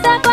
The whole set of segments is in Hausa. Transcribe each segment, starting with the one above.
está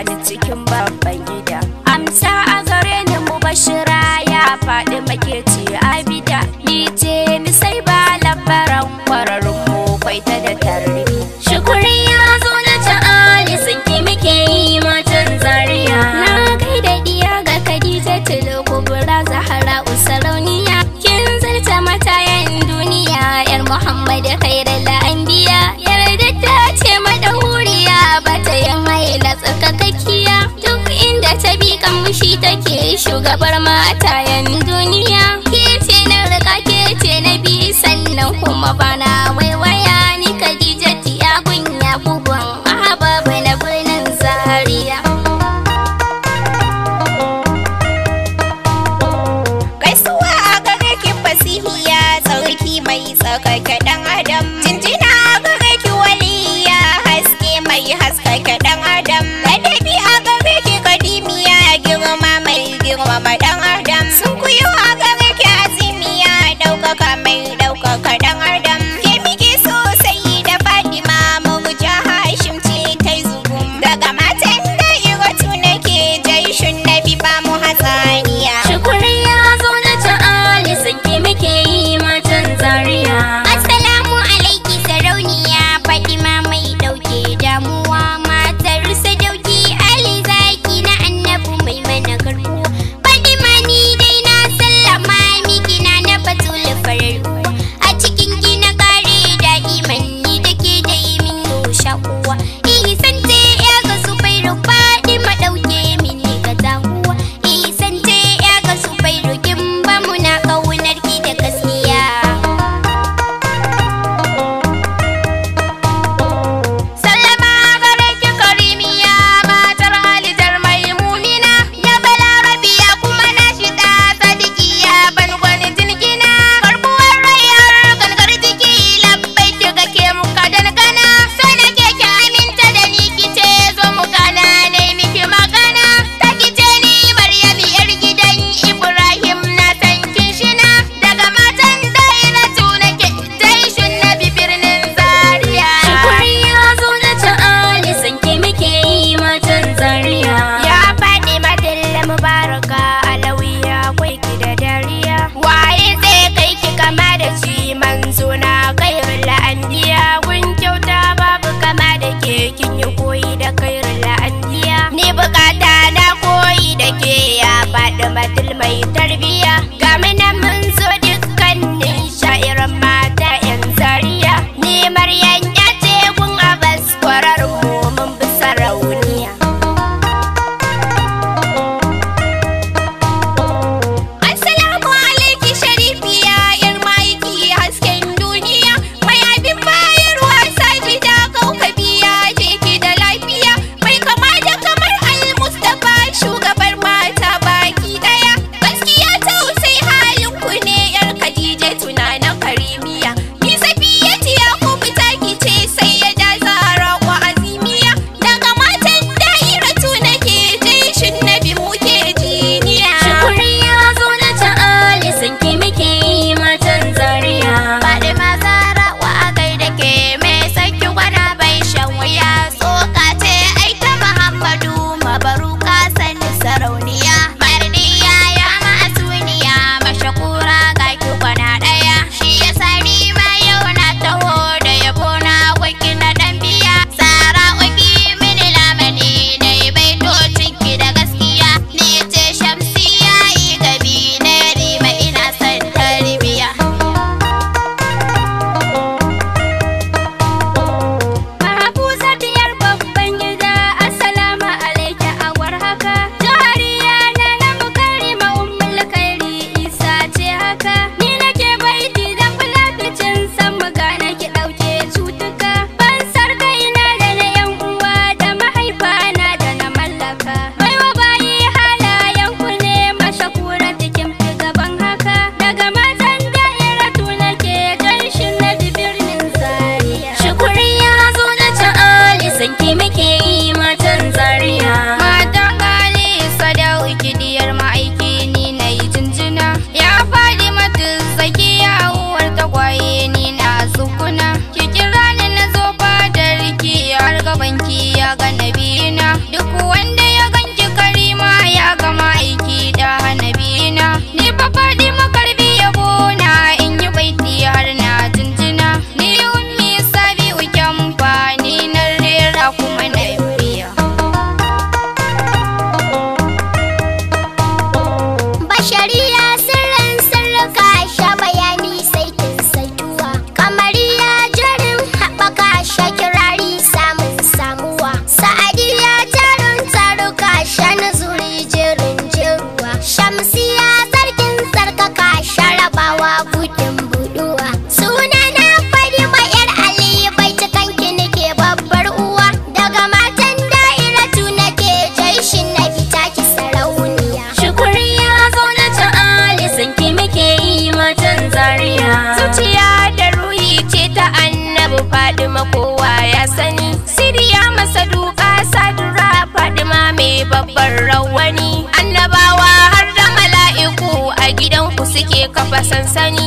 need to. sannan kuma bana 三三。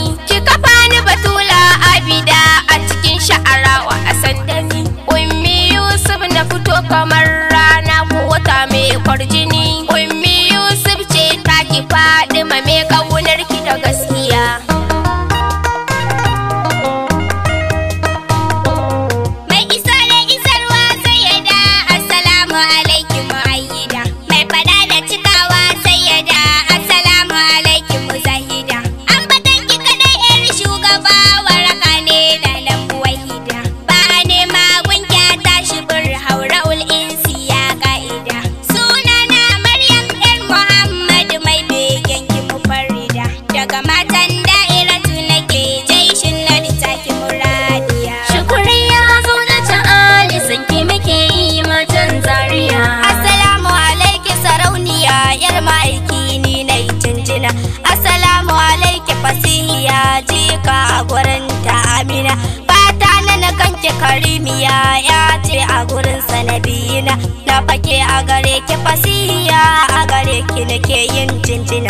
yaya ya ce a gurin sanadina na fake a gare ki fasiya a gare ki ke yin jinjina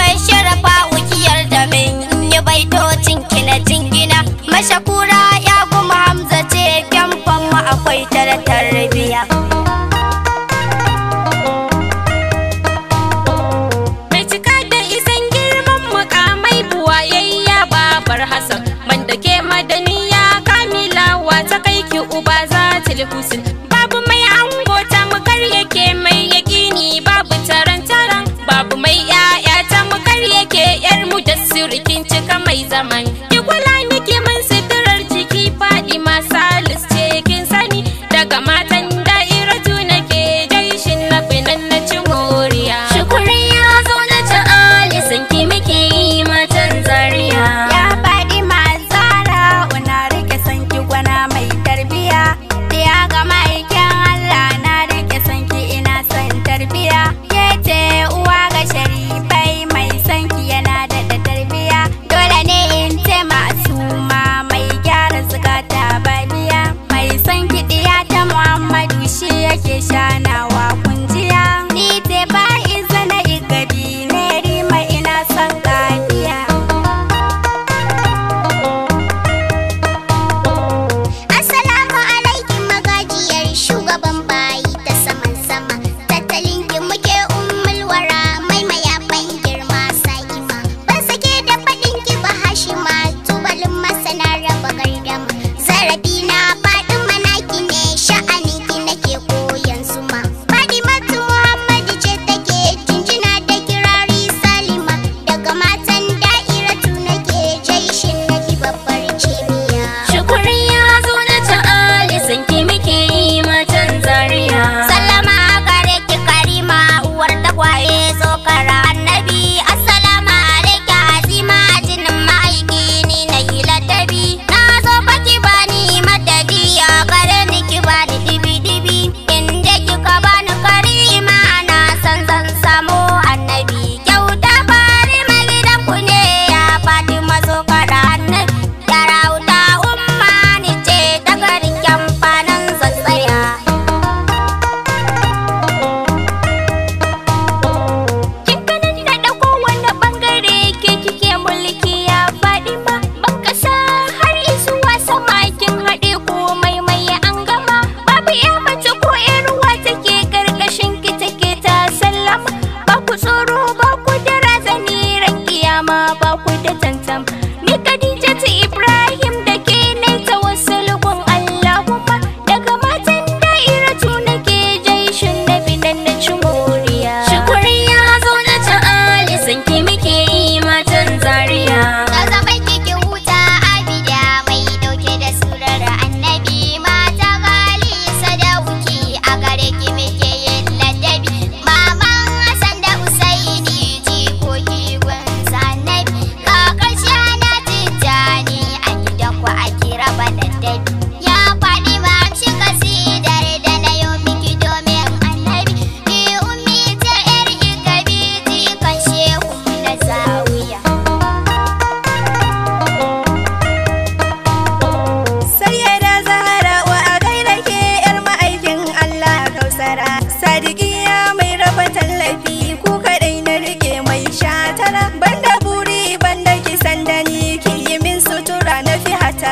mai sharafa wukiyar da min yi baitocin ki na jingina mashakura ya kuma hamza ce kyan mu akwai tare tarbiya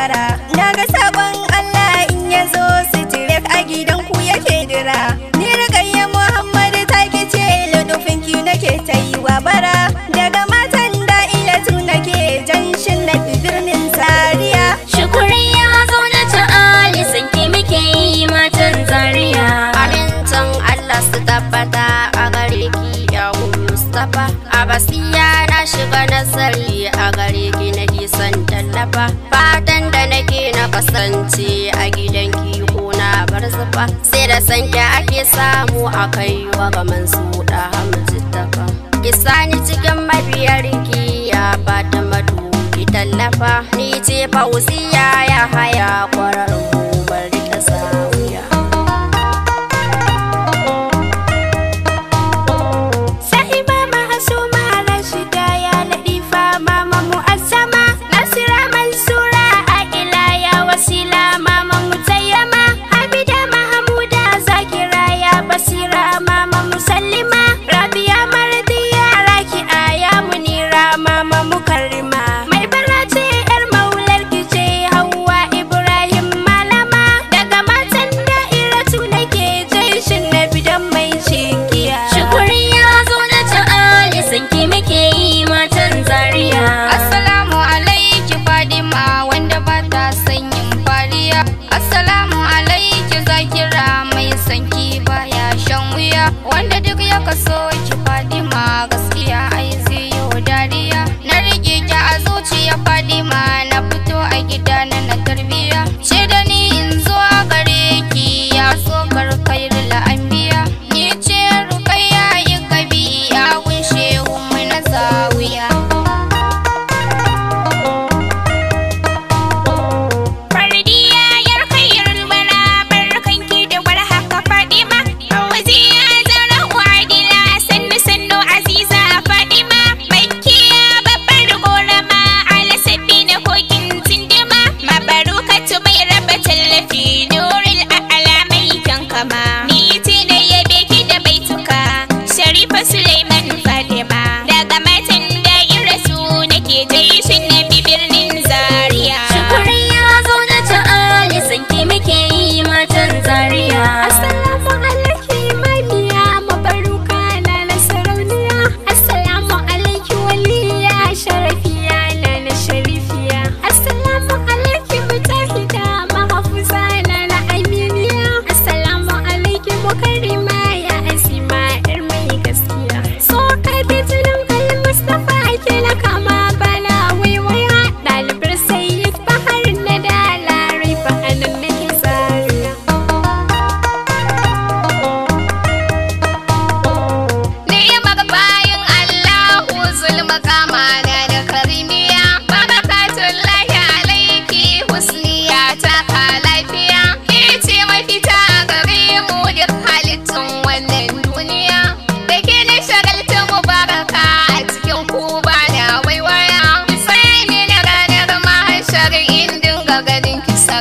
na ga sabon Allah in ya zo tirek a gidan ku yake dira ni ya Muhammadu ta ke ce ludufin ki nake ta yi wa bara daga matan da da'ilatu nake janshin na birnin Zaria shukuri ya zo na ali san ki muke yi matan Zaria amintan Allah su tabbata a gare ki ya A Abasiya na shiga nasari a gare ki na isan tallafa kasance a gidan ko na bar zufa sai da sanke ake samu a kai wa gaman su da hamzittafa ki ni cikin mabiyar ya fata madu ki tallafa ni ce fauziya ya haya kwara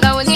那我。